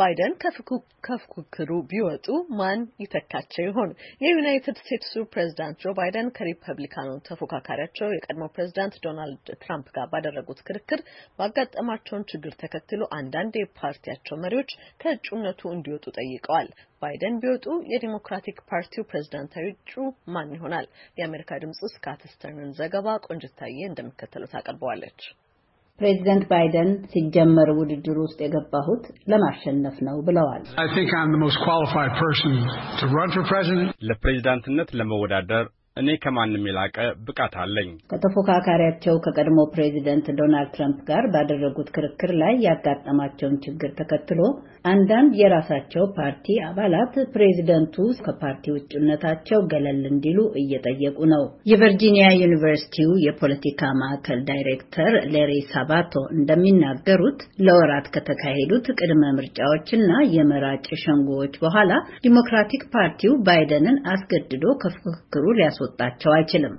ባይደን ከፉክክሩ ቢወጡ ማን ይተካቸው ይሆን? የዩናይትድ ስቴትሱ ፕሬዚዳንት ጆ ባይደን ከሪፐብሊካኑ ተፎካካሪያቸው የቀድሞ ፕሬዚዳንት ዶናልድ ትራምፕ ጋር ባደረጉት ክርክር ባጋጠማቸውን ችግር ተከትሎ አንዳንድ የፓርቲያቸው መሪዎች ከእጩነቱ እንዲወጡ ጠይቀዋል። ባይደን ቢወጡ የዲሞክራቲክ ፓርቲው ፕሬዚዳንታዊ እጩ ማን ይሆናል? የአሜሪካ ድምጽ ስካት ስተርንን ዘገባ ቆንጅታዬ እንደሚከተለው ታቀርበዋለች። ፕሬዚደንት ባይደን ሲጀመር ውድድር ውስጥ የገባሁት ለማሸነፍ ነው ብለዋል። ለፕሬዚዳንትነት ለመወዳደር እኔ ከማንም የላቀ ብቃት አለኝ። ከተፎካካሪያቸው ከቀድሞ ፕሬዚደንት ዶናልድ ትራምፕ ጋር ባደረጉት ክርክር ላይ ያጋጠማቸውን ችግር ተከትሎ አንዳንድ የራሳቸው ፓርቲ አባላት ፕሬዚደንቱ ከፓርቲ ውጭነታቸው ገለል እንዲሉ እየጠየቁ ነው። የቨርጂኒያ ዩኒቨርሲቲው የፖለቲካ ማዕከል ዳይሬክተር ሌሪ ሳባቶ እንደሚናገሩት ለወራት ከተካሄዱት ቅድመ ምርጫዎችና የመራጭ ሸንጎዎች በኋላ ዲሞክራቲክ ፓርቲው ባይደንን አስገድዶ ከፍክክሩ ሊያስ ሊያስወጣቸው አይችልም።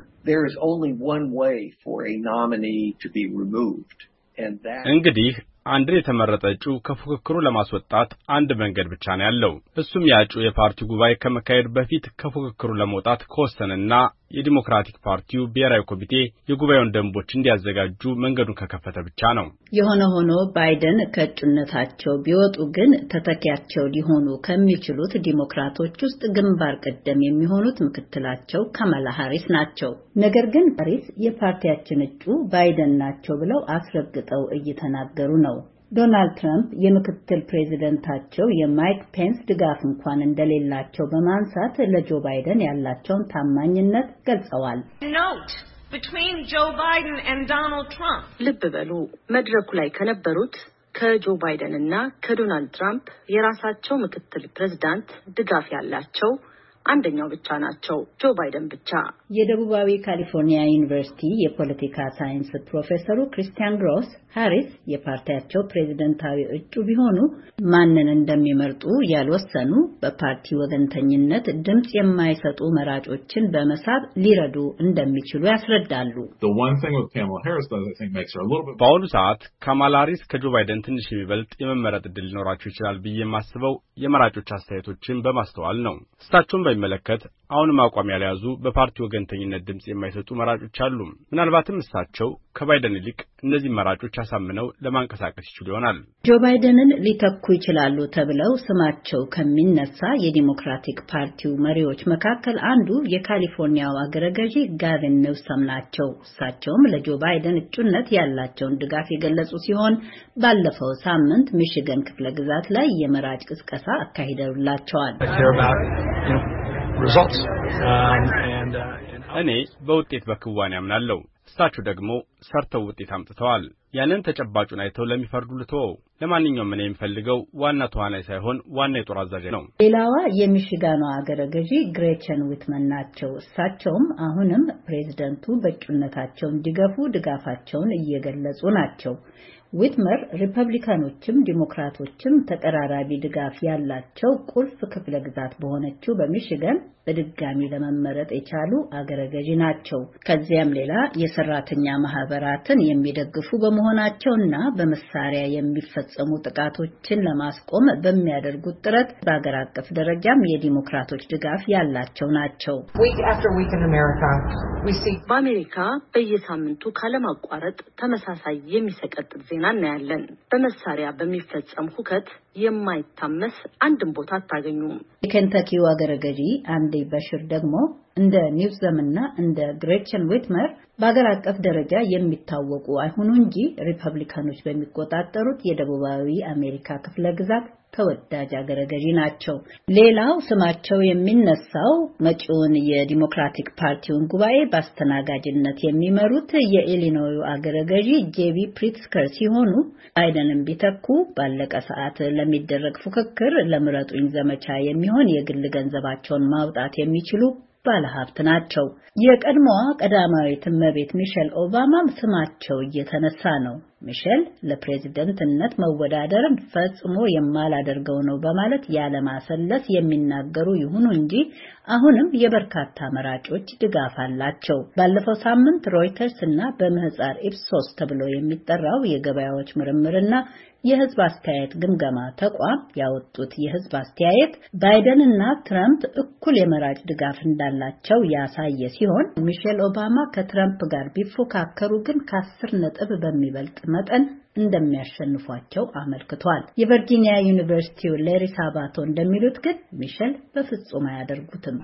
እንግዲህ አንድን የተመረጠ እጩ ከፉክክሩ ለማስወጣት አንድ መንገድ ብቻ ነው ያለው። እሱም ያ እጩ የፓርቲው ጉባኤ ከመካሄዱ በፊት ከፉክክሩ ለመውጣት ከወሰነና የዲሞክራቲክ ፓርቲው ብሔራዊ ኮሚቴ የጉባኤውን ደንቦች እንዲያዘጋጁ መንገዱን ከከፈተ ብቻ ነው። የሆነ ሆኖ ባይደን ከእጩነታቸው ቢወጡ ግን ተተኪያቸው ሊሆኑ ከሚችሉት ዲሞክራቶች ውስጥ ግንባር ቀደም የሚሆኑት ምክትላቸው ከመላ ሀሪስ ናቸው። ነገር ግን ሀሪስ የፓርቲያችን እጩ ባይደን ናቸው ብለው አስረግጠው እየተናገሩ ነው። ዶናልድ ትራምፕ የምክትል ፕሬዚደንታቸው የማይክ ፔንስ ድጋፍ እንኳን እንደሌላቸው በማንሳት ለጆ ባይደን ያላቸውን ታማኝነት ገልጸዋል። ልብ በሉ መድረኩ ላይ ከነበሩት ከጆ ባይደን እና ከዶናልድ ትራምፕ የራሳቸው ምክትል ፕሬዚዳንት ድጋፍ ያላቸው አንደኛው ብቻ ናቸው፣ ጆ ባይደን ብቻ። የደቡባዊ ካሊፎርኒያ ዩኒቨርሲቲ የፖለቲካ ሳይንስ ፕሮፌሰሩ ክሪስቲያን ግሮስ ሃሪስ የፓርቲያቸው ፕሬዚደንታዊ እጩ ቢሆኑ ማንን እንደሚመርጡ ያልወሰኑ በፓርቲ ወገንተኝነት ድምፅ የማይሰጡ መራጮችን በመሳብ ሊረዱ እንደሚችሉ ያስረዳሉ። በአሁኑ ሰዓት ካማላ ሃሪስ ከጆ ባይደን ትንሽ የሚበልጥ የመመረጥ እድል ሊኖራቸው ይችላል ብዬ የማስበው የመራጮች አስተያየቶችን በማስተዋል ነው። እሳቸውን ባይመለከት አሁንም አቋም ያልያዙ በፓርቲ ወገንተኝነት ድምፅ የማይሰጡ መራጮች አሉ። ምናልባትም እሳቸው ከባይደን ይልቅ እነዚህ መራጮች አሳምነው ለማንቀሳቀስ ይችሉ ይሆናል። ጆ ባይደንን ሊተኩ ይችላሉ ተብለው ስማቸው ከሚነሳ የዲሞክራቲክ ፓርቲው መሪዎች መካከል አንዱ የካሊፎርኒያው አገረ ገዢ ጋቪን ኒውሰም ናቸው። እሳቸውም ለጆ ባይደን እጩነት ያላቸውን ድጋፍ የገለጹ ሲሆን ባለፈው ሳምንት ሚሽገን ክፍለ ግዛት ላይ የመራጭ ቅስቀሳ አካሂደውላቸዋል። Um, uh, እኔ በውጤት በክዋኔ አምናለሁ። እሳችሁ ደግሞ ሰርተው ውጤት አምጥተዋል። ያንን ተጨባጩን አይተው ለሚፈርዱ ልተወው። ለማንኛውም እኔ የሚፈልገው ዋና ተዋናይ ሳይሆን ዋና የጦር አዛዥ ነው። ሌላዋ የሚሽጋኗ አገረ ገዢ ግሬቸን ዊትመን ናቸው። እሳቸውም አሁንም ፕሬዝደንቱ በእጩነታቸው እንዲገፉ ድጋፋቸውን እየገለጹ ናቸው። ዊትመር ሪፐብሊካኖችም ዲሞክራቶችም ተቀራራቢ ድጋፍ ያላቸው ቁልፍ ክፍለ ግዛት በሆነችው በሚሽገን በድጋሚ ለመመረጥ የቻሉ አገረ ገዢ ናቸው። ከዚያም ሌላ የሰራተኛ ማህበር ማህበራትን የሚደግፉ በመሆናቸውና በመሳሪያ የሚፈጸሙ ጥቃቶችን ለማስቆም በሚያደርጉት ጥረት በሀገር አቀፍ ደረጃም የዲሞክራቶች ድጋፍ ያላቸው ናቸው። በአሜሪካ በየሳምንቱ ካለማቋረጥ ተመሳሳይ የሚሰቀጥጥ ዜና እናያለን። በመሳሪያ በሚፈጸም ሁከት የማይታመስ አንድም ቦታ አታገኙም። የኬንታኪው አገረ ገዢ አንዴ በሽር ደግሞ እንደ ኒውዘም እንደ ግሬቸን ዊትመር በአገር አቀፍ ደረጃ የሚታወቁ አይሁኑ እንጂ ሪፐብሊካኖች በሚቆጣጠሩት የደቡባዊ አሜሪካ ክፍለ ግዛት ተወዳጅ አገረ ገዢ ናቸው። ሌላው ስማቸው የሚነሳው መጪውን የዲሞክራቲክ ፓርቲውን ጉባኤ በአስተናጋጅነት የሚመሩት የኢሊኖዩ አገረ ገዢ ጄቢ ፕሪትስከር ሲሆኑ ባይደንም ቢተኩ ባለቀ ሰዓት ለሚደረግ ፉክክር ለምረጡኝ ዘመቻ የሚሆን የግል ገንዘባቸውን ማውጣት የሚችሉ ባለሀብት ናቸው። የቀድሞዋ ቀዳማዊት እመቤት ሚሸል ኦባማም ስማቸው እየተነሳ ነው። ሚሼል ለፕሬዝደንትነት መወዳደርን ፈጽሞ የማላደርገው ነው በማለት ያለማሰለስ የሚናገሩ ይሁኑ እንጂ አሁንም የበርካታ መራጮች ድጋፍ አላቸው። ባለፈው ሳምንት ሮይተርስ እና በምህፃር ኢፕሶስ ተብሎ የሚጠራው የገበያዎች ምርምርና የህዝብ አስተያየት ግምገማ ተቋም ያወጡት የህዝብ አስተያየት ባይደን እና ትረምፕ እኩል የመራጭ ድጋፍ እንዳላቸው ያሳየ ሲሆን ሚሼል ኦባማ ከትረምፕ ጋር ቢፎካከሩ ግን ከአስር ነጥብ በሚበልጥ መጠን እንደሚያሸንፏቸው አመልክቷል። የቨርጂኒያ ዩኒቨርሲቲው ሌሪ ሳባቶ እንደሚሉት ግን ሚሼል በፍጹም አያደርጉትም።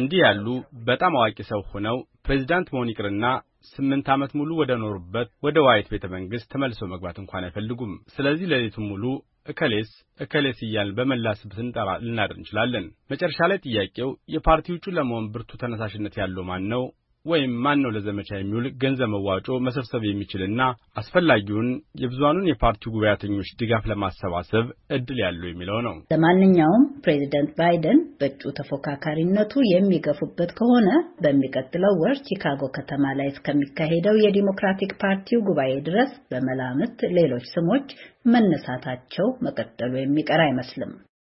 እንዲህ ያሉ በጣም አዋቂ ሰው ሆነው ፕሬዚዳንት መሆን ይቅርና ስምንት ዓመት ሙሉ ወደ ኖሩበት ወደ ዋይት ቤተ መንግሥት ተመልሶ መግባት እንኳን አይፈልጉም። ስለዚህ ሌሊቱን ሙሉ እከሌስ እከሌስ እያልን በመላ ስብት ልናድር እንችላለን። መጨረሻ ላይ ጥያቄው የፓርቲዎቹ ለመሆን ብርቱ ተነሳሽነት ያለው ማን ነው? ወይም ማን ነው ለዘመቻ የሚውል ገንዘብ መዋጮ መሰብሰብ የሚችልና አስፈላጊውን የብዙሃኑን የፓርቲው ጉባኤተኞች ድጋፍ ለማሰባሰብ እድል ያለው የሚለው ነው። ለማንኛውም ፕሬዚደንት ባይደን በእጩ ተፎካካሪነቱ የሚገፉበት ከሆነ በሚቀጥለው ወር ቺካጎ ከተማ ላይ እስከሚካሄደው የዲሞክራቲክ ፓርቲው ጉባኤ ድረስ በመላምት ሌሎች ስሞች መነሳታቸው መቀጠሉ የሚቀር አይመስልም።